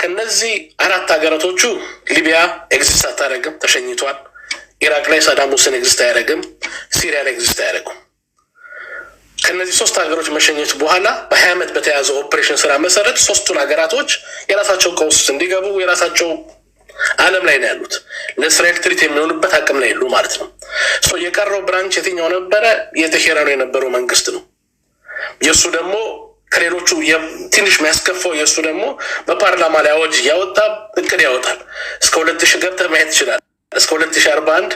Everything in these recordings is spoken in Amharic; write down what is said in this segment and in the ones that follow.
ከነዚህ አራት ሀገራቶቹ ሊቢያ ኤግዚስት አታደረግም፣ ተሸኝቷል። ኢራቅ ላይ ሳዳም ሁሴን ኤግዚስት አያደረግም፣ ሲሪያ ላይ ኤግዚስት አያደረጉም። ከነዚህ ሶስት ሀገሮች መሸኘት በኋላ በሀያ ዓመት በተያዘው ኦፕሬሽን ስራ መሰረት ሶስቱን ሀገራቶች የራሳቸው ቀውስ እንዲገቡ የራሳቸው አለም ላይ ነው ያሉት። ለእስራኤል ትሪት የሚሆኑበት አቅም ላይ የሉ ማለት ነው። የቀረው ብራንች የትኛው ነበረ? የቴሄራኑ የነበረው መንግስት ነው። የእሱ ደግሞ ከሌሎቹ ትንሽ የሚያስከፋው የእሱ ደግሞ በፓርላማ ላይ አዋጅ እያወጣ እቅድ ያወጣል። እስከ ሁለት ሺ ገብተህ ማየት ይችላል። እስከ ሁለት ሺ አርባ አንድ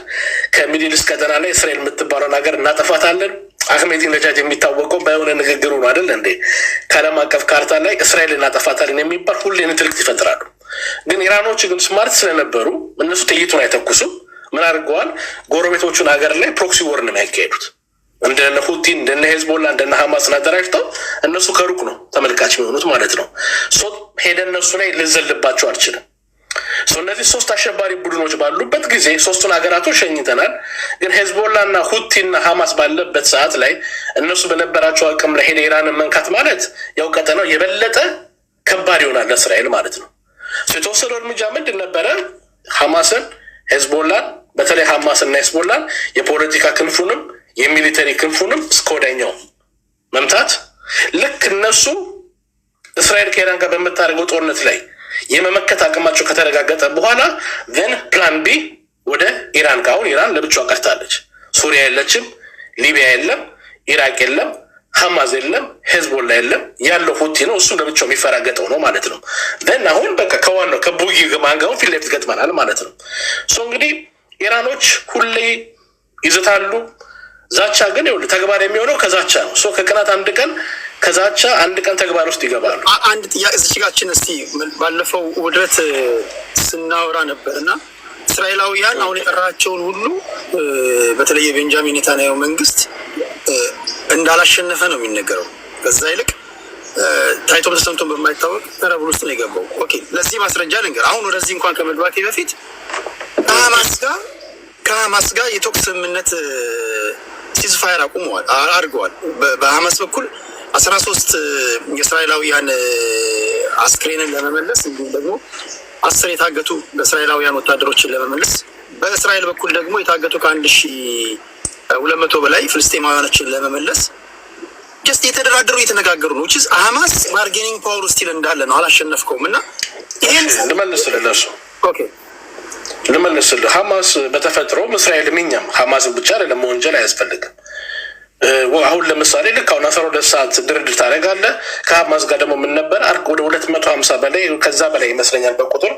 ከሚድል ኢስት ቀጠና ላይ እስራኤል የምትባለውን ሀገር እናጠፋታለን። ነጃጅ የሚታወቀው በሆነ ንግግሩ ነው አይደል እንዴ? ከዓለም አቀፍ ካርታ ላይ እስራኤል እናጠፋታለን የሚባል ሁሌ ንትርክት ይፈጥራሉ። ግን ኢራኖች ግን ስማርት ስለነበሩ እነሱ ጥይቱን አይተኩሱም። ምን አድርገዋል? ጎረቤቶቹን ሀገር ላይ ፕሮክሲ ወርን የሚያካሄዱት። እንደነ ፑቲን እንደነ ሄዝቦላ እንደነ ሀማስን አደራጅተው እነሱ ከሩቅ ነው ተመልካች የሚሆኑት ማለት ነው። ሄደ እነሱ ላይ ልዘልባቸው አልችልም። እነዚህ ሶስት አሸባሪ ቡድኖች ባሉበት ጊዜ ሶስቱን ሀገራቶች ሸኝተናል። ግን ሄዝቦላና ሁቲና ሀማስ ባለበት ሰዓት ላይ እነሱ በነበራቸው አቅም ላይ ሄደ ኢራንን መንካት ማለት ያው ቀጠናው የበለጠ ከባድ ይሆናል ለእስራኤል ማለት ነው። የተወሰደው እርምጃ ምንድን ነበረ? ሀማስን ሄዝቦላን፣ በተለይ ሀማስና ሄዝቦላን የፖለቲካ ክንፉንም የሚሊተሪ ክንፉንም እስከወዳኛው መምታት ልክ እነሱ እስራኤል ከኢራን ጋር በምታደርገው ጦርነት ላይ የመመከት አቅማቸው ከተረጋገጠ በኋላ ን ፕላን ቢ ወደ ኢራን ካሁን ኢራን ለብቻዋ ቀርታለች። ሱሪያ የለችም፣ ሊቢያ የለም፣ ኢራቅ የለም፣ ሐማዝ የለም፣ ሄዝቦላ የለም። ያለው ሁቲ ነው። እሱ ለብቻው የሚፈራገጠው ነው ማለት ነው። ን አሁን በቃ ከዋናው ከቡጊ ማንጋውን ፊት ለፊት ገጥመናል ማለት ነው። እንግዲህ ኢራኖች ሁሌ ይዘታሉ። ዛቻ ግን ይኸውልህ ተግባር የሚሆነው ከዛቻ ነው። ሶ ከቀናት አንድ ቀን ከዛቻ አንድ ቀን ተግባር ውስጥ ይገባሉ። አንድ ጥያቄ ስሽጋችን እስቲ ባለፈው ውድረት ስናወራ ነበር እና እስራኤላውያን አሁን የጠራቸውን ሁሉ በተለይ የቤንጃሚን ኔታንያሁ መንግስት እንዳላሸነፈ ነው የሚነገረው። በዛ ይልቅ ታይቶ ተሰምቶን በማይታወቅ ረቡል ውስጥ ነው የገባው። ኦኬ ለዚህ ማስረጃ ልንገር። አሁን ወደዚህ እንኳን ከመግባቴ በፊት ከሀማስ ጋር ከሀማስ ጋር የቶክስ ስምምነት ሲዝ ፋየር አቁመዋል አድርገዋል። በሀማስ በኩል አስራ ሶስት የእስራኤላውያን አስክሬንን ለመመለስ እንዲሁም ደግሞ አስር የታገቱ በእስራኤላውያን ወታደሮችን ለመመለስ በእስራኤል በኩል ደግሞ የታገቱ ከአንድ ሺ ሁለት መቶ በላይ ፍልስጤማውያኖችን ለመመለስ ጀስት የተደራደሩ የተነጋገሩ ነው። ችዝ ሀማስ ባርጌኒንግ ፓወር ስቲል እንዳለ ነው፣ አላሸነፍከውም እና ይህን ልመልስ ልነሱ ልመልስልህ። ሀማስ በተፈጥሮም እስራኤልም እኛም ሀማስን ብቻ አይደለም መወንጀል አያስፈልግም። አሁን ለምሳሌ ልክ አሁን አስራ ሁለት ሰዓት ድርድር ታደርጋለህ ከሀማስ ጋር ደግሞ የምንነበር አርቅ ወደ ሁለት መቶ ሀምሳ በላይ ከዛ በላይ ይመስለኛል በቁጥር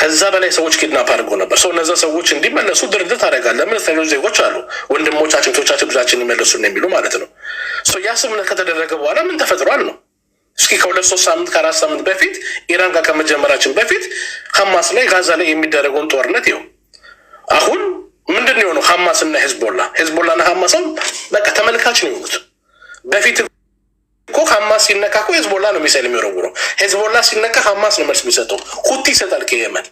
ከዛ በላይ ሰዎች ኪድናፕ አድርጎ ነበር። ሰው እነዛ ሰዎች እንዲመለሱ ድርድር ታደርጋለህ። ለምን እስራኤሎች ዜጎች አሉ ወንድሞቻችን፣ ቶቻችን፣ ብዛችን ይመለሱ የሚሉ ማለት ነው። ያ ስምምነት ከተደረገ በኋላ ምን ተፈጥሯል ነው እስኪ ከሁለት ሶስት ሳምንት ከአራት ሳምንት በፊት ኢራን ጋር ከመጀመራችን በፊት ሀማስ ላይ ጋዛ ላይ የሚደረገውን ጦርነት ይኸው አሁን ምንድን የሆነው ሀማስ እና ሄዝቦላ ሄዝቦላ ና ሀማስም በቃ ተመልካች ነው የሆኑት። በፊት እኮ ሀማስ ሲነካ እኮ ሄዝቦላ ነው ሚሳይል የሚወረውረው። ሄዝቦላ ሲነካ ሀማስ ነው መልስ የሚሰጠው። ሁቲ ይሰጣል። ከየመን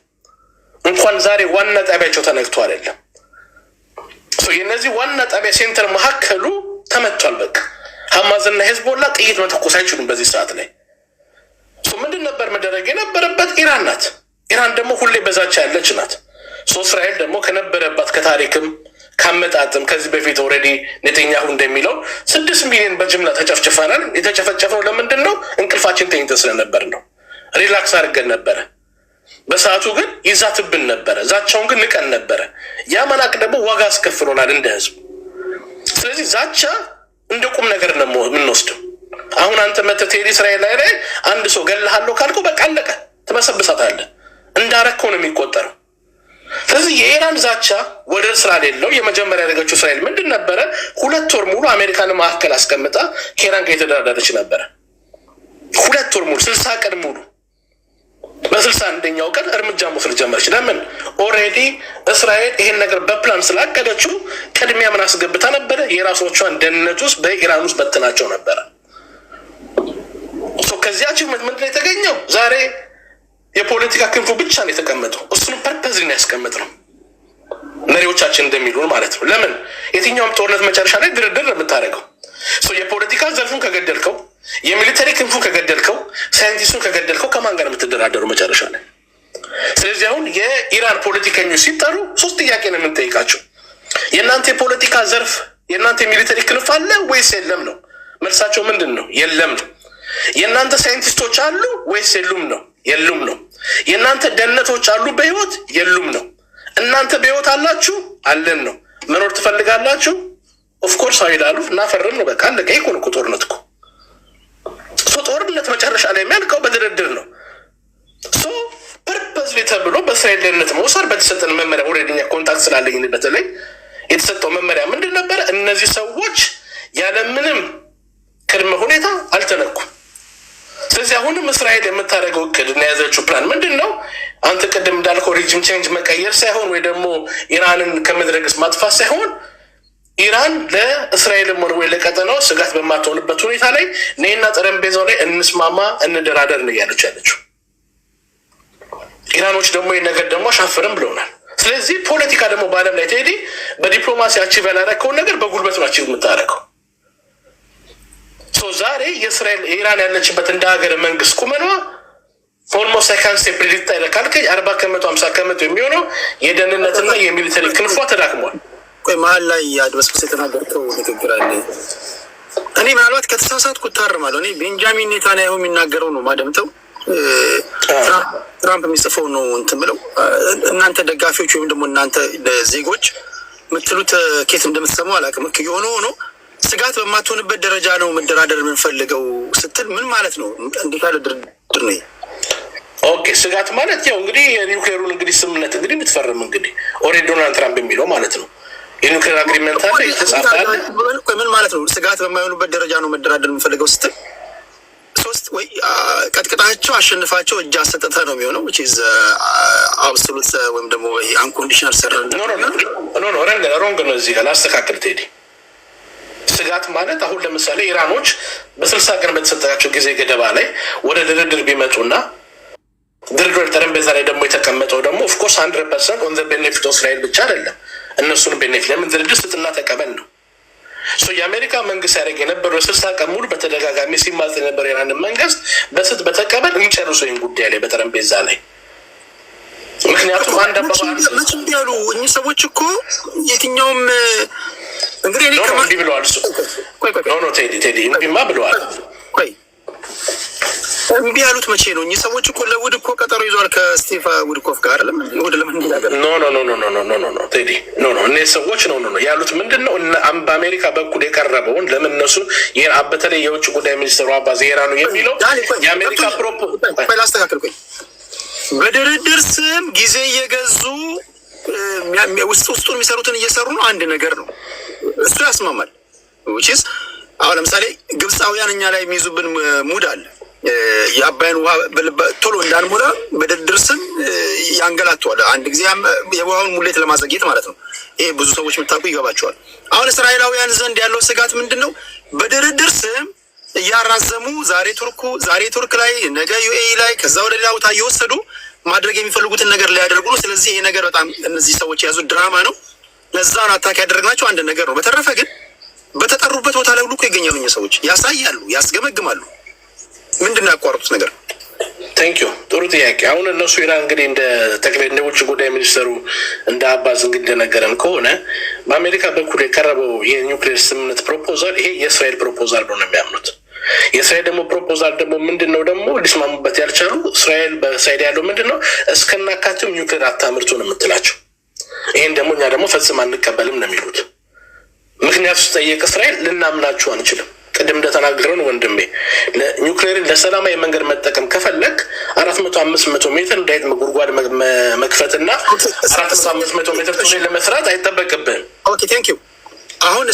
እንኳን ዛሬ ዋና ጣቢያቸው ተነግቶ አይደለም የእነዚህ ዋና ጣቢያ ሴንተር መካከሉ ተመቷል። በቃ ሀማዝና ሄዝቦላ ጥይት መተኮስ አይችሉም በዚህ ሰዓት ላይ ምንድን ነበር መደረግ የነበረበት? ኢራን ናት። ኢራን ደግሞ ሁሌ በዛቻ ያለች ናት። ሶ እስራኤል ደግሞ ከነበረባት ከታሪክም ካመጣጥም ከዚህ በፊት ኦልሬዲ ኔተኛሁ እንደሚለው ስድስት ሚሊዮን በጅምላ ተጨፍጭፈናል። የተጨፈጨፈው ለምንድን ነው? እንቅልፋችን ተኝተ ስለነበር ነው። ሪላክስ አድርገን ነበረ። በሰዓቱ ግን ይዛትብን ነበረ። ዛቻውን ግን ንቀን ነበረ። ያ ደግሞ ዋጋ አስከፍሎናል እንደ ህዝቡ። ስለዚህ ዛቻ እንደ ቁም ነገር ነው የምንወስደው። አሁን አንተ መተህ ቴዲ እስራኤል ላይ ላይ አንድ ሰው ገለሃለሁ ካልኩ በቃ አለቀ፣ ትበሰብሳታለህ። እንዳረከው ነው የሚቆጠረው። ስለዚህ የኢራን ዛቻ ወደ ስላሌለው የመጀመሪያ ያደረገችው እስራኤል ምንድን ነበረ? ሁለት ወር ሙሉ አሜሪካን ማዕከል አስቀምጣ ከኢራን ጋር የተደራደረች ነበረ። ሁለት ወር ሙሉ ስልሳ ቀን ሙሉ በስልሳ አንደኛው ቀን እርምጃ መውሰድ ጀመረች። ለምን ኦልሬዲ እስራኤል ይሄን ነገር በፕላን ስላቀደችው ቅድሚያ ምን አስገብታ ነበረ? የራሶቿን ደህንነት ውስጥ በኢራን ውስጥ በትናቸው ነበረ። ከዚያችው ምንድን ነው የተገኘው? ዛሬ የፖለቲካ ክንፉ ብቻ ነው የተቀመጠው። እሱን ፐርፐዝ ነው ያስቀምጥ ነው መሪዎቻችን እንደሚሉን ማለት ነው። ለምን የትኛውም ጦርነት መጨረሻ ላይ ድርድር የምታደርገው። የፖለቲካ ዘርፉን ከገደልከው የሚሊተሪ ክንፉ ከገደልከው፣ ሳይንቲስቱን ከገደልከው ከማን ጋር የምትደራደሩ መጨረሻ ላይ? ስለዚህ አሁን የኢራን ፖለቲከኞች ሲጠሩ ሶስት ጥያቄ ነው የምንጠይቃቸው። የእናንተ የፖለቲካ ዘርፍ የእናንተ የሚሊተሪ ክንፍ አለ ወይስ የለም ነው መልሳቸው። ምንድን ነው? የለም ነው። የእናንተ ሳይንቲስቶች አሉ ወይስ የሉም ነው? የሉም ነው። የእናንተ ደህንነቶች አሉ በህይወት የሉም ነው። እናንተ በህይወት አላችሁ አለን ነው። መኖር ትፈልጋላችሁ? ኦፍኮርስ አዎ እናፈርም ነው። በቃ አለቀ። ይሄ እኮ ነው እኮ ጦርነት እኮ ጦርነት መጨረሻ ላይ የሚያልቀው በድርድር ነው። ፐርፐዝ ተብሎ በእስራኤል ደህንነት መውሰድ በተሰጠን መመሪያ ወደኛ ኮንታክት ስላለኝ በተለይ የተሰጠው መመሪያ ምንድን ነበረ? እነዚህ ሰዎች ያለምንም ቅድመ ሁኔታ አልተነኩም። ስለዚህ አሁንም እስራኤል የምታደርገው እቅድ እና የያዘችው ፕላን ምንድን ነው? አንተ ቅድም እንዳልከው ሪጅም ቼንጅ መቀየር ሳይሆን ወይ ደግሞ ኢራንን ከምድረ ገጽ ማጥፋት ሳይሆን ኢራን ለእስራኤልም ሆነ ወይ ለቀጠናው ስጋት በማትሆንበት ሁኔታ ላይ እኔና ጠረጴዛው ላይ እንስማማ፣ እንደራደር ነው እያለች ያለችው። ኢራኖች ደግሞ ይህ ነገር ደግሞ አሻፍርም ብለውናል። ስለዚህ ፖለቲካ ደግሞ በዓለም ላይ ተሄዲ በዲፕሎማሲ አቺቭ ያላረከውን ነገር በጉልበት ነው አቺቭ የምታረከው። ዛሬ የእስራኤል ኢራን ያለችበት እንደ ሀገር መንግስት ቁመኗ ኦልሞስት ሳይካንስ ፕሪዲክት አይለካልከ አርባ ከመቶ ሀምሳ ከመቶ የሚሆነው የደህንነትና የሚሊተሪ ክንፏ ተዳክሟል። ቆይ መሀል ላይ አድበስብስ የተናገርከው ንግግር አለ። እኔ ምናልባት ከተሳሳትኩ እታረማለሁ። እኔ ቤንጃሚን ኔታንያሁ የሚናገረው ነው ማደምጠው ትራምፕ የሚጽፈው ነው እንትን ብለው እናንተ ደጋፊዎች ወይም ደግሞ እናንተ ዜጎች የምትሉት ኬት እንደምትሰሙ አላውቅም። የሆነ ሆኖ ስጋት በማትሆንበት ደረጃ ነው መደራደር የምንፈልገው ስትል ምን ማለት ነው? እንዴት ያለ ድርድር ነው? ኦኬ ስጋት ማለት ያው እንግዲህ የኒውክሌሩን እንግዲህ ስምምነት እንግዲህ የምትፈርም እንግዲህ ኦልሬዲ ዶናልድ ትራምፕ የሚለው ማለት ነው የኒውክሌር አግሪመንት አለ የተጻፋል። ምን ማለት ነው? ስጋት በማይሆኑበት ደረጃ ነው መደራደር የምፈልገው ስትል ሶስት ወይ ቀጥቅጣቸው አሸንፋቸው እጅ አሰጠተ ነው የሚሆነው። አብሶሉት ወይም ደግሞ አንኮንዲሽናል ሮንግ ነው። እዚህ ጋር ላስተካክል ትሄድ ስጋት ማለት አሁን ለምሳሌ ኢራኖች በስልሳ ቀን በተሰጠቸው ጊዜ ገደባ ላይ ወደ ድርድር ቢመጡና ድርድር ጠረጴዛ ላይ ደግሞ የተቀመጠው ደግሞ ኦፍኮርስ አንድ ፐርሰንት ኦን ዘ ቤኔፊት ኦፍ እስራኤል ብቻ አይደለም እነሱን እነሱንም ለምን ድርጅት ስትና ተቀበል ነው። የአሜሪካ መንግስት ያደረግ የነበረው ስልሳ ቀን ሙሉ በተደጋጋሚ ሲማጽ የነበረ የኢራንን መንግስት በስት በተቀበል እንጨርሶ ወይም ጉዳይ ላይ በጠረጴዛ ላይ ምክንያቱም አንድ አባባመች ያሉ እኚህ ሰዎች እኮ የትኛውም እንግዲህ ብለዋል ቴዲ ቴዲ ማ ብለዋል እምቢ ያሉት መቼ ነው? እኚህ ሰዎች እኮ ለውድ እኮ ቀጠሮ ይዟል ከስቴፋ ውድኮፍ ጋር እኔ ሰዎች ነው ያሉት ምንድን ነው? በአሜሪካ በኩል የቀረበውን ለምን እነሱ በተለይ የውጭ ጉዳይ ሚኒስትሩ አባ ዜራ ነው የሚለው የአሜሪካ ፕሮፖ ላስተካክል ቆይ በድርድር ስም ጊዜ እየገዙ ውስጥ ውስጡን የሚሰሩትን እየሰሩ ነው። አንድ ነገር ነው እሱ ያስማማል አሁን ለምሳሌ ግብፃውያን እኛ ላይ የሚይዙብን ሙድ አለ። የአባይን ውሃ ቶሎ እንዳንሞላ በድርድር ስም ያንገላተዋል። አንድ ጊዜ የውሃውን ሙሌት ለማዘግየት ማለት ነው። ይሄ ብዙ ሰዎች የምታውቁ ይገባቸዋል። አሁን እስራኤላውያን ዘንድ ያለው ስጋት ምንድን ነው? በድርድር ስም እያራዘሙ ዛሬ ቱርኩ ዛሬ ቱርክ ላይ ነገ ዩኤኢ ላይ ከዛ ወደ ሌላ ቦታ እየወሰዱ ማድረግ የሚፈልጉትን ነገር ሊያደርጉ ነው። ስለዚህ ይሄ ነገር በጣም እነዚህ ሰዎች የያዙት ድራማ ነው። ለዛን አታክ ያደረግናቸው አንድ ነገር ነው። በተረፈ ግን በተጠሩበት ቦታ ይገኛሉ። እኛ ሰዎች ያሳያሉ፣ ያስገመግማሉ። ምንድን ነው ያቋረጡት ነገር? ታንኪዩ ጥሩ ጥያቄ። አሁን እነሱ ኢራን እንግዲህ እንደ ጠቅላይ እንደ ውጭ ጉዳይ ሚኒስተሩ እንደ አባዝ እንግዲህ እንደነገረን ከሆነ በአሜሪካ በኩል የቀረበው የኒውክሌር ስምምነት ፕሮፖዛል ይሄ የእስራኤል ፕሮፖዛል ነው የሚያምኑት። የእስራኤል ደግሞ ፕሮፖዛል ደግሞ ምንድን ነው ደግሞ ሊስማሙበት ያልቻሉ እስራኤል በሳይድ ያለው ምንድን ነው እስከናካቴው ኒውክሌር አታምርቱ ነው የምትላቸው። ይህን ደግሞ እኛ ደግሞ ፈጽም አንቀበልም ነው የሚሉት ምክንያት ስጠይቅ እስራኤል ልናምናችሁ አንችልም። ቅድም እንደተናገረን ወንድሜ ኒውክሌርን ለሰላማዊ መንገድ መጠቀም ከፈለግ አራት መቶ አምስት መቶ ሜትር እንዳይጥ ጉድጓድ መክፈትና አራት መቶ አምስት መቶ ሜትር ቱ ለመስራት አይጠበቅብን። ኦኬ ቴንክ ዩ። አሁን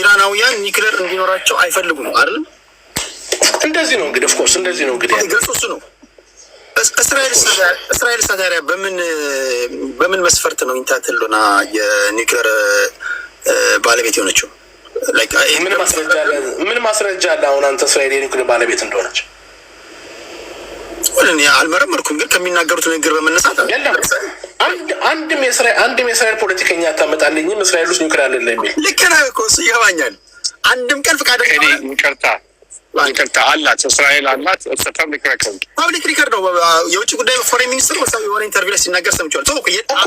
ኢራናውያን ኒውክሌር እንዲኖራቸው አይፈልጉም አይደለም? እንደዚህ ነው እንግዲህ ኦፍኮርስ እንደዚህ ነው እንግዲህ ግልጽ እሱ ነው። እስራኤል ሳታሪያ በምን በምን መስፈርት ነው ኢንታትልና የኒውክሌር ባለቤት የሆነችው። ምን ማስረጃ አለ አሁን አንተ እስራኤል የኒውክሌር ባለቤት እንደሆነች? አልመረመርኩም፣ ግን ከሚናገሩት ንግግር በመነሳት አንድም የእስራኤል ፖለቲከኛ አታመጣልኝም እስራኤል ውስጥ ኒውክሌር አለ የሚል ልክ ነህ እኮ እሱ ይገባኛል። አንድም ቀን ፍቃደ ይቅርታ ይቅርታ አላት፣ እስራኤል አላት። ፐብሊክ ሪከርድ ፐብሊክ ሪከርድ ነው። የውጭ ጉዳይ ፎሬን ሚኒስትር የሆነ ኢንተርቪው ላይ ሲናገር ሰምቼዋለሁ።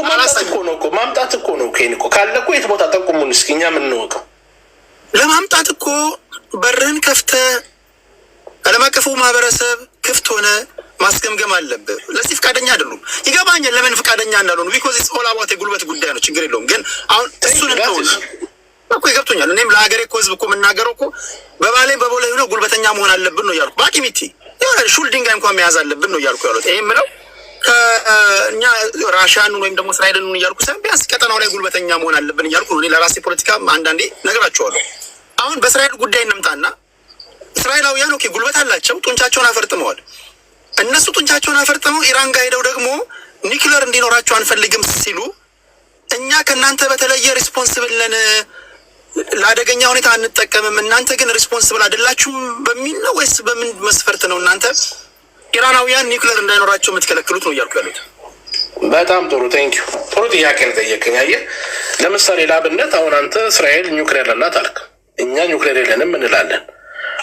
ማምጣት እኮ ነው እኮ ማምጣት እኮ ነው ኬን እኮ ካለ እኮ የት ቦታ ጠቁሙን እስኪ እኛ የምንወቀው ለማምጣት እኮ በርህን ከፍተ ዓለም አቀፉ ማህበረሰብ ክፍት ሆነ ማስገምገም አለብህ። ለዚህ ፍቃደኛ አይደሉም። ይገባኛል ለምን ፍቃደኛ እንዳልሆኑ ቢኮዝ ኦል አባውት የጉልበት ጉዳይ ነው። ችግር የለውም ግን አሁን እሱን እኮ ይገብቶኛል። እኔም ለሀገሬ እኮ ህዝብ እኮ የምናገረው እኮ በባሌ በቦሌ ሆነ ጉልበተኛ መሆን አለብን ነው እያልኩ በአኪሚቲ ሹል ድንጋይ እንኳን መያዝ አለብን ነው እያልኩ ያሉት። ይህ ምለው ከእኛ ራሽያንን ወይም ደግሞ እስራኤልን እያልኩ ሳይሆን ቢያንስ ቀጠናው ላይ ጉልበተኛ መሆን አለብን እያልኩ ነው። ለራሴ ፖለቲካ አንዳንዴ ነግራቸዋለሁ። አሁን በእስራኤል ጉዳይ እንምጣና እስራኤላውያን ኦኬ ጉልበት አላቸው፣ ጡንቻቸውን አፈርጥመዋል። እነሱ ጡንቻቸውን አፈርጥመው ኢራን ጋር ሄደው ደግሞ ኒክለር እንዲኖራቸው አንፈልግም ሲሉ እኛ ከእናንተ በተለየ ሪስፖንስብል ነን ለአደገኛ ሁኔታ አንጠቀምም፣ እናንተ ግን ሪስፖንስብል አይደላችሁም በሚል ነው ወይስ በምን መስፈርት ነው እናንተ ኢራናውያን ኒውክሌር እንዳይኖራቸው የምትከለክሉት ነው እያልኩ ያሉት? በጣም ጥሩ ቴንክ ዩ ጥሩ ጥያቄ ነው ጠየቅኝ። አየህ ለምሳሌ ላብነት አሁን አንተ እስራኤል ኒውክሌር ለናት አልክ፣ እኛ ኒውክሌር የለንም እንላለን።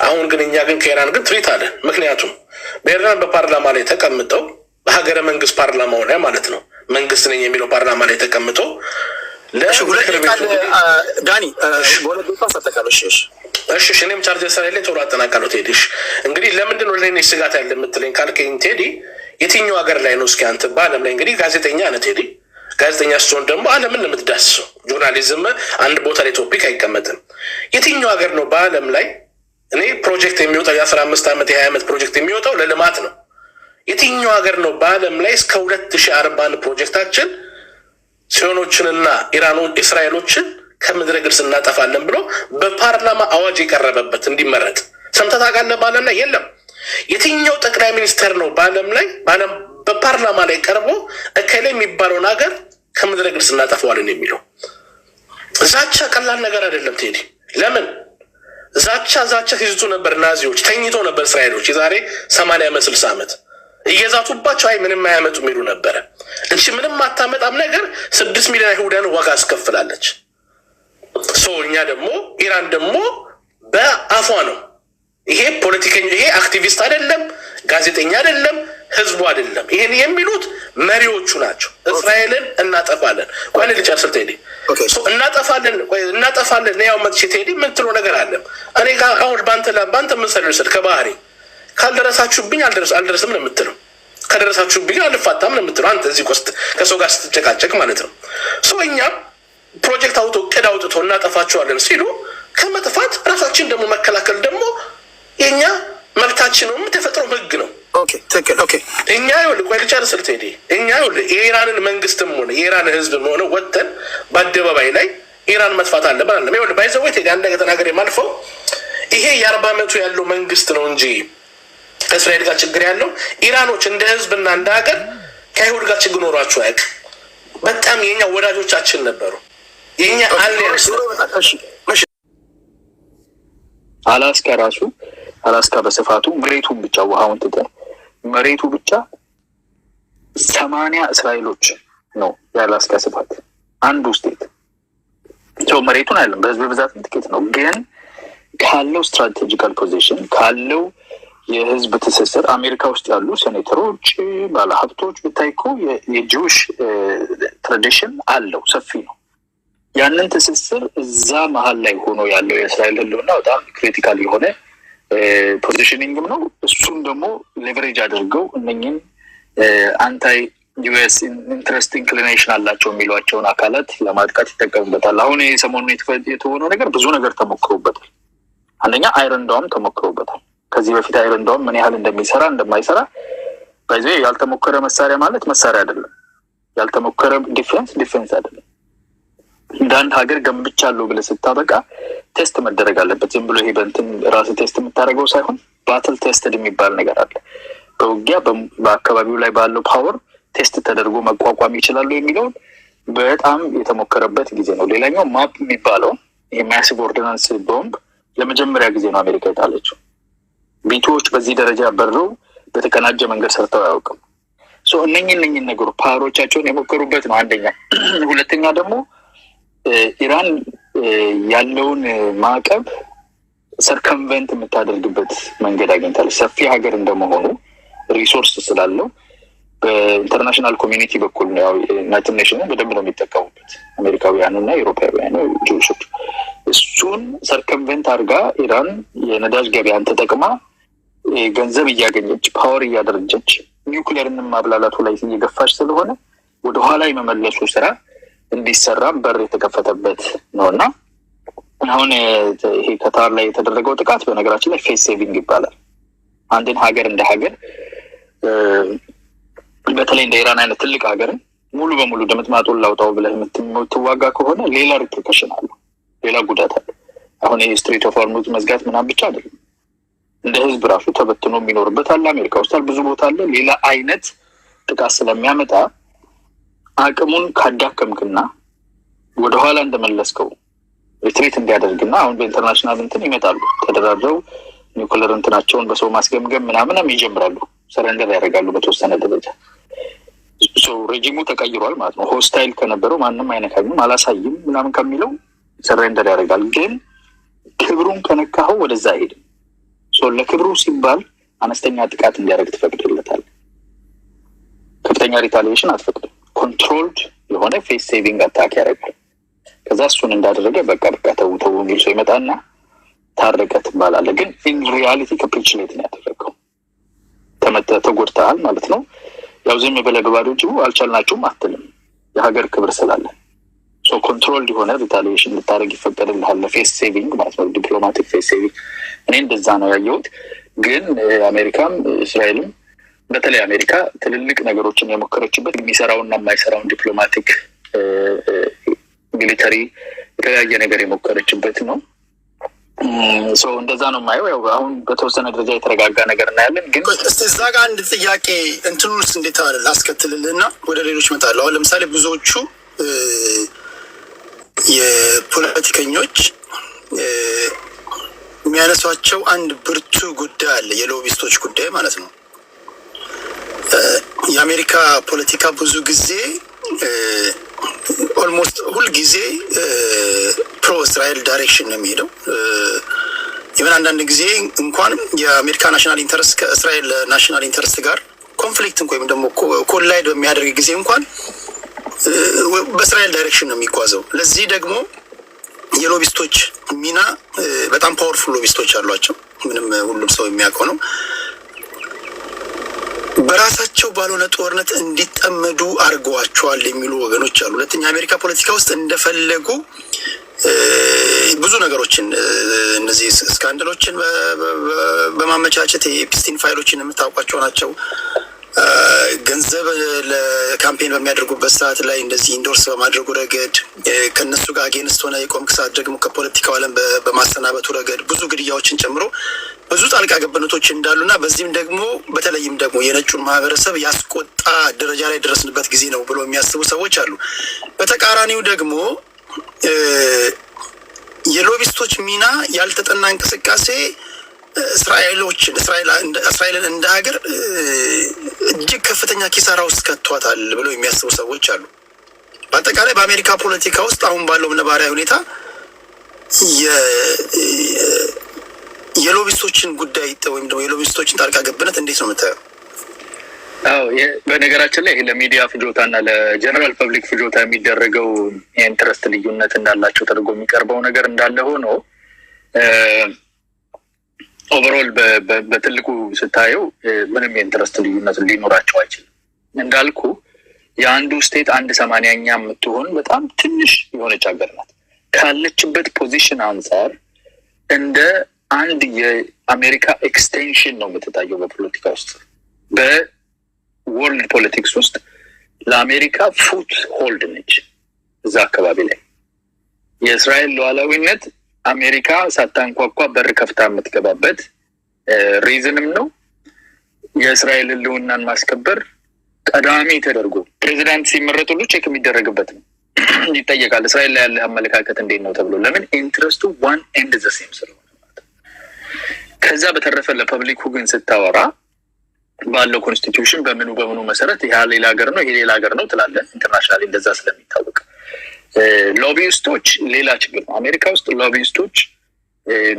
አሁን ግን እኛ ግን ከኢራን ግን ትሪት አለን። ምክንያቱም በኢራን በፓርላማ ላይ ተቀምጠው በሀገረ መንግስት ፓርላማው ላይ ማለት ነው መንግስት ነኝ የሚለው ፓርላማ ላይ ተቀምጦ ዳኒ እሺ እሺ፣ እኔም ቻርጀር ስለሌለኝ ቶሎ አጠናቃለሁ። ቴዲሽ እንግዲህ ለምንድን ነው ለእኔ ስጋት ያለ የምትለኝ ካልከኝ፣ ቴዲ የትኛው ሀገር ላይ ነው? እስኪ አንተ በዓለም ላይ እንግዲህ ጋዜጠኛ ነህ ቴዲ። ጋዜጠኛ ስትሆን ደግሞ ዓለምን የምትዳስሰው ጆርናሊዝም አንድ ቦታ ላይ ቶፒክ አይቀመጥም። የትኛው ሀገር ነው በዓለም ላይ እኔ ፕሮጀክት የሚወጣው የአስራ አምስት ዓመት የሀያ ዓመት ፕሮጀክት የሚወጣው ለልማት ነው። የትኛው ሀገር ነው በአለም ላይ እስከ ሁለት ሺህ ፕሮጀክታችን ሲዮኖችንና እስራኤሎችን ከምድረ ግብፅ እናጠፋለን ብሎ በፓርላማ አዋጅ የቀረበበት እንዲመረጥ ሰምተህ ታውቃለህ? ላይ የለም የትኛው ጠቅላይ ሚኒስተር ነው በዓለም ላይ በዓለም በፓርላማ ላይ ቀርቦ እከሌ የሚባለውን ሀገር ከምድረ ግብፅ እናጠፋዋለን የሚለው? ዛቻ ቀላል ነገር አይደለም ቴዲ። ለምን ዛቻ ዛቻ ሲዝቱ ነበር ናዚዎች፣ ተኝቶ ነበር እስራኤሎች የዛሬ ሰማንያ ዓመት ስልሳ ዓመት እየዛቱባቸው አይ ምንም አያመጡ ይሉ ነበረ። እቺ ምንም አታመጣም ነገር ስድስት ሚሊዮን አይሁዳን ዋጋ አስከፍላለች። ሰው እኛ ደግሞ ኢራን ደግሞ በአፏ ነው ይሄ ፖለቲከኛ ይሄ አክቲቪስት አይደለም፣ ጋዜጠኛ አይደለም፣ ህዝቡ አይደለም። ይሄን የሚሉት መሪዎቹ ናቸው። እስራኤልን እናጠፋለን። ቆይ እኔ ልጨርስል ቴዲ እናጠፋለን እናጠፋለን። ያው መጥቼ ቴዲ የምትለው ነገር አለም እኔ ጋር አሁን ባንተ ባንተ የምንሰልስል ከባህሪ ካልደረሳችሁብኝ አልደረስም ነው የምትለው። ከደረሳችሁብኝ አልፋታም ነው የምትለው። አንተ እዚህ ውስጥ ከሰው ጋር ስትጨቃጨቅ ማለት ነው። ሰው እኛም ፕሮጀክት አውቶ ቅድ አውጥቶ እናጠፋችኋለን ሲሉ ከመጥፋት ራሳችን ደግሞ መከላከል ደግሞ የእኛ መብታችንም ተፈጥሮ ህግ ነው። እኛ ይኸውልህ ቆይ ልጨርስልህ ቴዲ፣ እኛ ይኸውልህ የኢራንን መንግስትም ሆነ የኢራን ህዝብም ሆነ ወጥተን በአደባባይ ላይ ኢራን መጥፋት አለብን አለ። ይኸውልህ ባይዘወይ ቴዲ፣ አንድ ነገር ተናገር የማልፈው ይሄ የአርባ ዓመቱ ያለው መንግስት ነው እንጂ ከእስራኤል ጋር ችግር ያለው ኢራኖች እንደ ህዝብና እንደ ሀገር ከአይሁድ ጋር ችግር ኖሯቸው አያውቅ። በጣም የኛ ወዳጆቻችን ነበሩ። የኛ አላስካ ራሱ አላስካ በስፋቱ መሬቱን ብቻ ውሃውን ትተን መሬቱ ብቻ ሰማንያ እስራኤሎች ነው የአላስካ ስፋት አንዱ ስቴት ሰው መሬቱን አይደለም በህዝብ ብዛት ትኬት ነው፣ ግን ካለው ስትራቴጂካል ፖዚሽን ካለው የህዝብ ትስስር አሜሪካ ውስጥ ያሉ ሴኔተሮች፣ ባለሀብቶች ብታይኮ የጂዊሽ ትራዲሽን አለው ሰፊ ነው። ያንን ትስስር እዛ መሀል ላይ ሆኖ ያለው የእስራኤል ህልውና በጣም ክሪቲካል የሆነ ፖዚሽኒንግም ነው። እሱም ደግሞ ሌቨሬጅ አድርገው እነኝን አንታይ ዩኤስ ኢንትረስት ኢንክሊኔሽን አላቸው የሚሏቸውን አካላት ለማጥቃት ይጠቀሙበታል። አሁን ሰሞኑ የተሆነው ነገር ብዙ ነገር ተሞክሮበታል። አንደኛ አይረንዳውም ተሞክሮበታል። ከዚህ በፊት አይር እንደውም ምን ያህል እንደሚሰራ እንደማይሰራ ባይዘ ያልተሞከረ መሳሪያ ማለት መሳሪያ አይደለም። ያልተሞከረ ዲፌንስ ዲፌንስ አይደለም። እንደ አንድ ሀገር ገንብቻለሁ ብለህ ስታበቃ ቴስት መደረግ አለበት። ዝም ብሎ ይሄ በእንትን ራስ ቴስት የምታደርገው ሳይሆን ባትል ቴስትድ የሚባል ነገር አለ። በውጊያ በአካባቢው ላይ ባለው ፓወር ቴስት ተደርጎ መቋቋም ይችላሉ የሚለውን በጣም የተሞከረበት ጊዜ ነው። ሌላኛው ማፕ የሚባለው ይሄ ማሲቭ ኦርዲናንስ ቦምብ ለመጀመሪያ ጊዜ ነው አሜሪካ የጣለችው። ቢቶዎች በዚህ ደረጃ በረው በተቀናጀ መንገድ ሰርተው አያውቅም። እነኝ እነኝን ነገሮች ፓወሮቻቸውን የሞከሩበት ነው አንደኛ። ሁለተኛ ደግሞ ኢራን ያለውን ማዕቀብ ሰርከምቨንት የምታደርግበት መንገድ አግኝታለች። ሰፊ ሀገር እንደመሆኑ ሪሶርስ ስላለው በኢንተርናሽናል ኮሚኒቲ በኩል ዩናይትድ ኔሽን በደንብ ነው የሚጠቀሙበት አሜሪካውያኑ እና ኤሮፓውያኑ ጆሾች። እሱን ሰርከምቨንት አድርጋ ኢራን የነዳጅ ገበያን ተጠቅማ ገንዘብ እያገኘች ፓወር እያደረጀች ኒውክሌርንም ማብላላቱ ላይ እየገፋች ስለሆነ ወደኋላ የመመለሱ ስራ እንዲሰራም በር የተከፈተበት ነው እና አሁን ይሄ ከታር ላይ የተደረገው ጥቃት በነገራችን ላይ ፌስ ሴቪንግ ይባላል። አንድን ሀገር እንደ ሀገር በተለይ እንደ ኢራን አይነት ትልቅ ሀገርን ሙሉ በሙሉ ድምጥማጡን ላውጣው ብለህ የምትዋጋ ከሆነ ሌላ ሪፕሪከሽን አለ፣ ሌላ ጉዳት አለ። አሁን ይህ ስትሪት ኦፍ ሆርሙዝ መዝጋት ምናም ብቻ አይደለም። እንደ ህዝብ ራሱ ተበትኖ የሚኖርበት አለ፣ አሜሪካ ውስጥ ብዙ ቦታ አለ። ሌላ አይነት ጥቃት ስለሚያመጣ አቅሙን ካዳከምክና ወደኋላ እንደመለስከው ሪትሪት እንዲያደርግና አሁን በኢንተርናሽናል እንትን ይመጣሉ ተደራድረው ኒውክለር እንትናቸውን በሰው ማስገምገም ምናምንም ይጀምራሉ። ሰረንደር ያደርጋሉ በተወሰነ ደረጃ። ሰው ሬጂሙ ተቀይሯል ማለት ነው። ሆስታይል ከነበረው ማንም አይነካኝም አላሳይም ምናምን ከሚለው ሰረንደር ያደርጋል። ግን ክብሩን ከነካኸው ወደዛ አይሄድም። ለክብሩ ሲባል አነስተኛ ጥቃት እንዲያደርግ ትፈቅድለታል። ከፍተኛ ሪታሊዌሽን አትፈቅድም። ኮንትሮልድ የሆነ ፌስ ሴቪንግ አታክ ያደርጋል። ከዛ እሱን እንዳደረገ በቃ በቃ ተው ተው የሚል ሰው ይመጣና ታረቀ ትባላለ። ግን ኢንሪያሊቲ ከፕሪችሌት ነው ያደረገው። ተጎድተሃል ማለት ነው። ያው ዝም ብለህ ግባ አልቻልናችሁም አትልም የሀገር ክብር ስላለን ኮንትሮል የሆነ ሪታሊሽን ልታደረግ ይፈቀድልሃል። ፌስ ሴቪንግ ማለት ነው፣ ዲፕሎማቲክ ፌስ ሴቪንግ። እኔ እንደዛ ነው ያየሁት። ግን አሜሪካም እስራኤልም በተለይ አሜሪካ ትልልቅ ነገሮችን የሞከረችበት የሚሰራውና የማይሰራውን ዲፕሎማቲክ ሚሊተሪ የተለያየ ነገር የሞከረችበት ነው። ሰው እንደዛ ነው ማየው ያው አሁን በተወሰነ ደረጃ የተረጋጋ ነገር እናያለን። ግን እስቲ እዛ ጋር አንድ ጥያቄ እንትኑስ እንዴት አለ ላስከትልልና ወደ ሌሎች እመጣለሁ። አሁን ለምሳሌ ብዙዎቹ የፖለቲከኞች የሚያነሷቸው አንድ ብርቱ ጉዳይ አለ፣ የሎቢስቶች ጉዳይ ማለት ነው። የአሜሪካ ፖለቲካ ብዙ ጊዜ ኦልሞስት ሁልጊዜ ፕሮ እስራኤል ዳይሬክሽን ነው የሚሄደው። ይህን አንዳንድ ጊዜ እንኳን የአሜሪካ ናሽናል ኢንተረስት ከእስራኤል ናሽናል ኢንተረስት ጋር ኮንፍሊክት ወይም ደግሞ ኮላይድ በሚያደርግ ጊዜ እንኳን በእስራኤል ዳይሬክሽን ነው የሚጓዘው። ለዚህ ደግሞ የሎቢስቶች ሚና በጣም ፓወርፉል ሎቢስቶች አሏቸው። ምንም ሁሉም ሰው የሚያውቀው ነው። በራሳቸው ባልሆነ ጦርነት እንዲጠመዱ አድርገዋቸዋል የሚሉ ወገኖች አሉ። ሁለተኛ አሜሪካ ፖለቲካ ውስጥ እንደፈለጉ ብዙ ነገሮችን እነዚህ ስካንድሎችን በማመቻቸት የኤፕስቲን ፋይሎችን የምታውቋቸው ናቸው። ገንዘብ ለካምፔን በሚያደርጉበት ሰዓት ላይ እንደዚህ ኢንዶርስ በማድረጉ ረገድ ከነሱ ጋር አጌንስት ሆነ የቆምክ ሰዓት ደግሞ ከፖለቲካው ዓለም በማሰናበቱ ረገድ ብዙ ግድያዎችን ጨምሮ ብዙ ጣልቃ ገብነቶች እንዳሉና በዚህም ደግሞ በተለይም ደግሞ የነጩን ማህበረሰብ ያስቆጣ ደረጃ ላይ ደረስንበት ጊዜ ነው ብሎ የሚያስቡ ሰዎች አሉ። በተቃራኒው ደግሞ የሎቢስቶች ሚና ያልተጠና እንቅስቃሴ እስራኤሎችን እስራኤልን እንደ ሀገር እጅግ ከፍተኛ ኪሳራ ውስጥ ከቷታል ብለው የሚያስቡ ሰዎች አሉ። በአጠቃላይ በአሜሪካ ፖለቲካ ውስጥ አሁን ባለው ነባራዊ ሁኔታ የሎቢስቶችን ጉዳይ ወይም ደግሞ የሎቢስቶችን ጣልቃ ገብነት እንዴት ነው የምታየው? አዎ በነገራችን ላይ ለሚዲያ ፍጆታ እና ለጀነራል ፐብሊክ ፍጆታ የሚደረገው የኢንትረስት ልዩነት እንዳላቸው ተደርጎ የሚቀርበው ነገር እንዳለ ሆኖ ኦቨሮል በትልቁ ስታየው ምንም የኢንትረስት ልዩነት ሊኖራቸው አይችልም። እንዳልኩ የአንዱ ስቴት አንድ ሰማንያኛ የምትሆን በጣም ትንሽ የሆነች ሀገር ናት። ካለችበት ፖዚሽን አንጻር እንደ አንድ የአሜሪካ ኤክስቴንሽን ነው የምትታየው በፖለቲካ ውስጥ በወርልድ ፖለቲክስ ውስጥ ለአሜሪካ ፉት ሆልድ ነች እዛ አካባቢ ላይ የእስራኤል ሉዓላዊነት አሜሪካ ሳታንኳኳ በር ከፍታ የምትገባበት ሪዝንም ነው። የእስራኤል ልውናን ማስከበር ቀዳሚ ተደርጎ ፕሬዚዳንት ሲመረጥ ሁሉ ቼክ የሚደረግበት ነው፣ ይጠየቃል። እስራኤል ላይ ያለ አመለካከት እንዴት ነው ተብሎ ለምን ኢንትረስቱ ዋን ኤንድ ዘ ሴም ስለሆነ ከዛ በተረፈ ለፐብሊኩ ግን ስታወራ ባለው ኮንስቲትዩሽን በምኑ በምኑ መሰረት ያ ሌላ ሀገር ነው ይሄ ሌላ ሀገር ነው ትላለን። ኢንተርናሽናል እንደዛ ስለሚታወቅ ሎቢስቶች ሌላ ችግር ነው። አሜሪካ ውስጥ ሎቢስቶች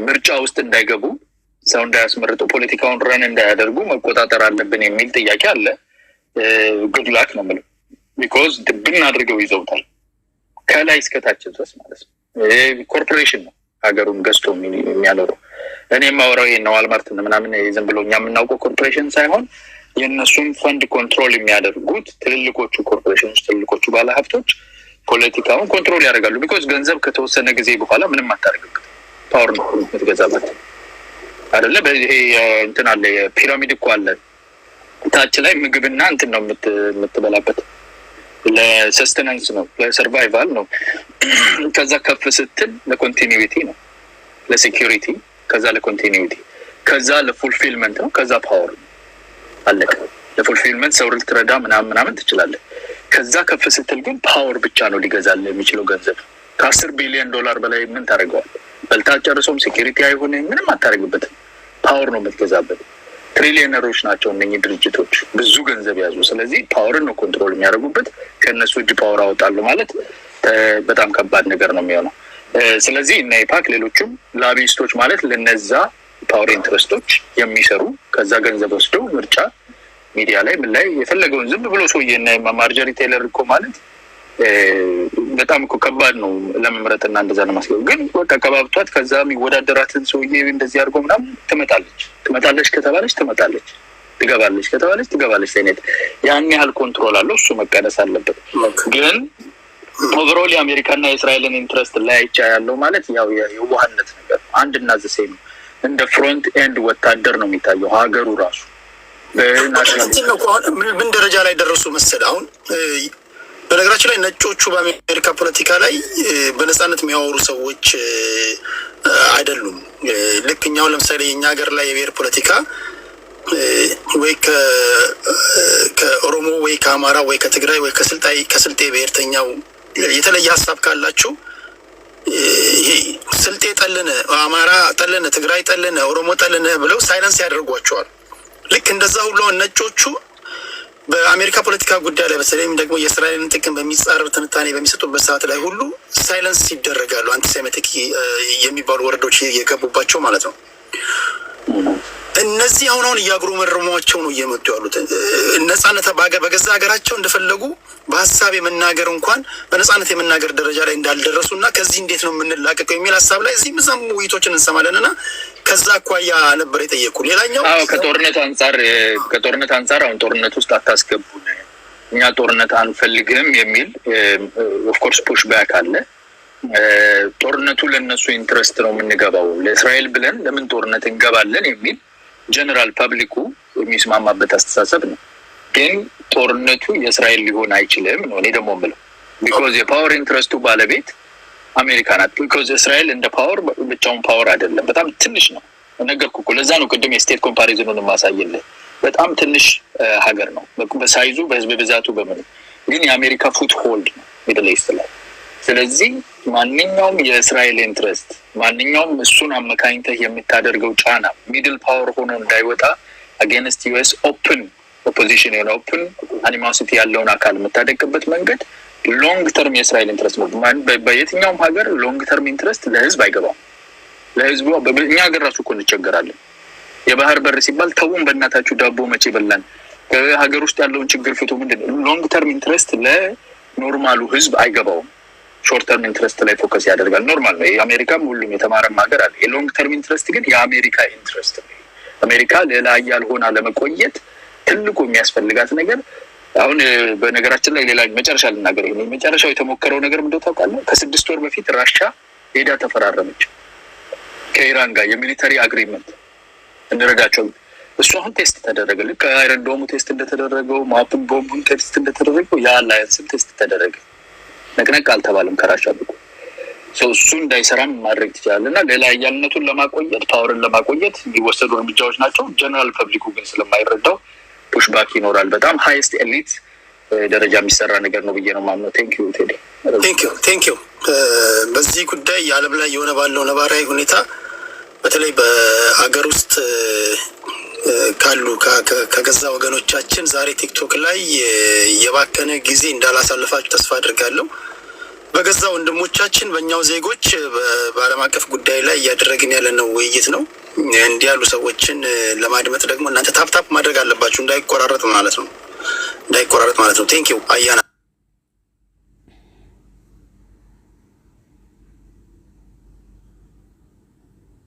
ምርጫ ውስጥ እንዳይገቡ ሰው እንዳያስመርጡ ፖለቲካውን ረን እንዳያደርጉ መቆጣጠር አለብን የሚል ጥያቄ አለ። ጉድላክ ነው የምልህ ቢኮዝ ድብን አድርገው ይዘውታል ከላይ እስከታች ድረስ ማለት ነው። ኮርፖሬሽን ነው ሀገሩን ገዝቶ የሚያኖረው። እኔ የማወራው ይሄን ነው። ዋልማርት ምናምን ዝም ብሎ እኛ የምናውቀው ኮርፖሬሽን ሳይሆን የእነሱን ፈንድ ኮንትሮል የሚያደርጉት ትልልቆቹ ኮርፖሬሽኖች፣ ትልልቆቹ ባለሀብቶች ፖለቲካውን ኮንትሮል ያደርጋሉ። ቢኮዝ ገንዘብ ከተወሰነ ጊዜ በኋላ ምንም አታደርግበት፣ ፓወር ነው የምትገዛበት አይደለ? ይሄ እንትን አለ፣ የፒራሚድ እኮ አለ። ታች ላይ ምግብና እንትን ነው የምትበላበት፣ ለሰስተናንስ ነው፣ ለሰርቫይቫል ነው። ከዛ ከፍ ስትል ለኮንቲኒዊቲ ነው፣ ለሴኪሪቲ፣ ከዛ ለኮንቲኒዊቲ፣ ከዛ ለፉልፊልመንት ነው፣ ከዛ ፓወር ነው። አለቀ። ለፉልፊልመንት ሰው ልትረዳ ምናምን ምናምን ትችላለህ። ከዛ ከፍ ስትል ግን ፓወር ብቻ ነው ሊገዛል የሚችለው ገንዘብ። ከአስር ቢሊዮን ዶላር በላይ ምን ታደርገዋል? በልታ ጨርሶም ሴኪሪቲ አይሆን ምንም አታደርግበትም። ፓወር ነው የምትገዛበት። ትሪሊየነሮች ናቸው እነኚህ ድርጅቶች ብዙ ገንዘብ ያዙ። ስለዚህ ፓወርን ነው ኮንትሮል የሚያደርጉበት። ከእነሱ እጅ ፓወር አወጣሉ ማለት በጣም ከባድ ነገር ነው የሚሆነው። ስለዚህ እነ ኢፓክ ሌሎችም ላቢስቶች ማለት ለነዛ ፓወር ኢንትረስቶች የሚሰሩ ከዛ ገንዘብ ወስደው ምርጫ ሚዲያ ላይ ምን ላይ የፈለገውን ዝም ብሎ ሰውዬ እና ማርጀሪ ቴይለር እኮ ማለት በጣም እኮ ከባድ ነው ለመምረጥ እና እንደዛ ለማስገብ ግን በቃ ከባብቷት ከዛ የሚወዳደራትን ሰውዬ እንደዚህ አድርጎ ምናምን ትመጣለች ትመጣለች ከተባለች ትመጣለች ትገባለች ከተባለች ትገባለች አይነት ያን ያህል ኮንትሮል አለው እሱ መቀነስ አለበት ግን ኦቨሮል የአሜሪካና የእስራኤልን ኢንትረስት ላይቻ ያለው ማለት ያው የዋህነት ነገር አንድ እና ዘሴ ነው እንደ ፍሮንት ኤንድ ወታደር ነው የሚታየው ሀገሩ ራሱ ምን ደረጃ ላይ ደረሱ መሰል አሁን በነገራችን ላይ ነጮቹ በአሜሪካ ፖለቲካ ላይ በነጻነት የሚያወሩ ሰዎች አይደሉም። ልክ እኛውን ለምሳሌ የእኛ ሀገር ላይ የብሔር ፖለቲካ ወይ ከኦሮሞ ወይ ከአማራ ወይ ከትግራይ ወይ ከስልጣይ ከስልጤ ብሔርተኛው የተለየ ሀሳብ ካላችሁ ስልጤ ጠልነ፣ አማራ ጠልነ፣ ትግራይ ጠልነ፣ ኦሮሞ ጠልነ ብለው ሳይለንስ ያደርጓቸዋል። ልክ እንደዛ ሁሉ ነጮቹ በአሜሪካ ፖለቲካ ጉዳይ ላይ በተለይም ደግሞ የእስራኤልን ጥቅም በሚጻረር ትንታኔ በሚሰጡበት ሰዓት ላይ ሁሉ ሳይለንስ ይደረጋሉ። አንቲሴሜቲክ የሚባሉ ወረዶች የገቡባቸው ማለት ነው። እነዚህ አሁን አሁን እያጉረመረሟቸው ነው እየመጡ ያሉት። ነጻነት በገዛ ሀገራቸው እንደፈለጉ በሀሳብ የመናገር እንኳን በነጻነት የመናገር ደረጃ ላይ እንዳልደረሱ እና ከዚህ እንዴት ነው የምንላቀቀው የሚል ሀሳብ ላይ እዚህ ምዛም ውይይቶችን እንሰማለን እና ከዛ አኳያ ነበር የጠየቁ። ሌላኛው ከጦርነት አንጻር ከጦርነት አንጻር አሁን ጦርነት ውስጥ አታስገቡን፣ እኛ ጦርነት አንፈልግም የሚል ኦፍኮርስ ፑሽ ባክ አለ ጦርነቱ ለእነሱ ኢንትረስት ነው የምንገባው፣ ለእስራኤል ብለን ለምን ጦርነት እንገባለን የሚል ጀነራል ፐብሊኩ የሚስማማበት አስተሳሰብ ነው። ግን ጦርነቱ የእስራኤል ሊሆን አይችልም ነው እኔ ደግሞ የምለው። ቢኮዝ የፓወር ኢንትረስቱ ባለቤት አሜሪካ ናት። ቢኮዝ እስራኤል እንደ ፓወር ብቻውን ፓወር አይደለም፣ በጣም ትንሽ ነው። ነገርኩ እኮ ለዛ ነው ቅድም የስቴት ኮምፓሪዝኑን ማሳየልህ። በጣም ትንሽ ሀገር ነው በሳይዙ፣ በህዝብ ብዛቱ፣ በምን ግን የአሜሪካ ፉትሆልድ ነው ሚድል ኢስት ላይ ስለዚህ ማንኛውም የእስራኤል ኢንትረስት ማንኛውም እሱን አመካኝተህ የምታደርገው ጫና ሚድል ፓወር ሆኖ እንዳይወጣ አጌንስት ዩኤስ ኦፕን ኦፖዚሽን የሆነ ኦፕን አኒማሲቲ ያለውን አካል የምታደቅበት መንገድ ሎንግ ተርም የእስራኤል ኢንትረስት ነው። በየትኛውም ሀገር ሎንግ ተርም ኢንትረስት ለህዝብ አይገባም። ለህዝቡ እኛ ሀገር ራሱ እኮ እንቸገራለን። የባህር በር ሲባል ተውን በእናታችሁ ዳቦ መቼ በላን፣ ሀገር ውስጥ ያለውን ችግር ፍቱ፣ ምንድን ሎንግ ተርም ኢንትረስት ለኖርማሉ ህዝብ አይገባውም። ሾርት ተርም ኢንትረስት ላይ ፎከስ ያደርጋል። ኖርማል ነው። የአሜሪካም ሁሉም የተማረም ሀገር አለ። የሎንግ ተርም ኢንትረስት ግን የአሜሪካ ኢንትረስት ነው። አሜሪካ ሌላ አያል ሆና ለመቆየት ትልቁ የሚያስፈልጋት ነገር አሁን በነገራችን ላይ ሌላ መጨረሻ ልናገር መጨረሻው የተሞከረው ነገር ምንድን ታውቃለህ? ከስድስት ወር በፊት ራሻ ሄዳ ተፈራረመች ከኢራን ጋር የሚሊተሪ አግሪመንት እንረዳቸው። እሱ አሁን ቴስት ተደረገ። ልክ አይረን ዶሙ ቴስት እንደተደረገው ማፕን ቦምቡን ቴስት እንደተደረገው የአላያንስም ቴስት ተደረገ። ነቅነቅ አልተባለም ከራሻ ብቁ እሱ እንዳይሰራም ማድረግ ትችላል እና ሌላ ያልነቱን ለማቆየት ፓወርን ለማቆየት የሚወሰዱ እርምጃዎች ናቸው። ጀነራል ፐብሊኩ ግን ስለማይረዳው ፑሽባክ ይኖራል። በጣም ሀይስት ኤሊት ደረጃ የሚሰራ ነገር ነው ብዬ ነው ማምነው። ቴንክ ዩ ቴዲ ቴንክ ዩ። በዚህ ጉዳይ የአለም ላይ የሆነ ባለው ነባራዊ ሁኔታ በተለይ በአገር ውስጥ ካሉ ከገዛ ወገኖቻችን ዛሬ ቲክቶክ ላይ የባከነ ጊዜ እንዳላሳልፋችሁ ተስፋ አድርጋለሁ። በገዛ ወንድሞቻችን በእኛው ዜጎች በዓለም አቀፍ ጉዳይ ላይ እያደረግን ያለነው ውይይት ነው። እንዲህ ያሉ ሰዎችን ለማድመጥ ደግሞ እናንተ ታፕታፕ ማድረግ አለባችሁ፣ እንዳይቆራረጥ ማለት ነው። እንዳይቆራረጥ ማለት ነው። ቴንኪው አያና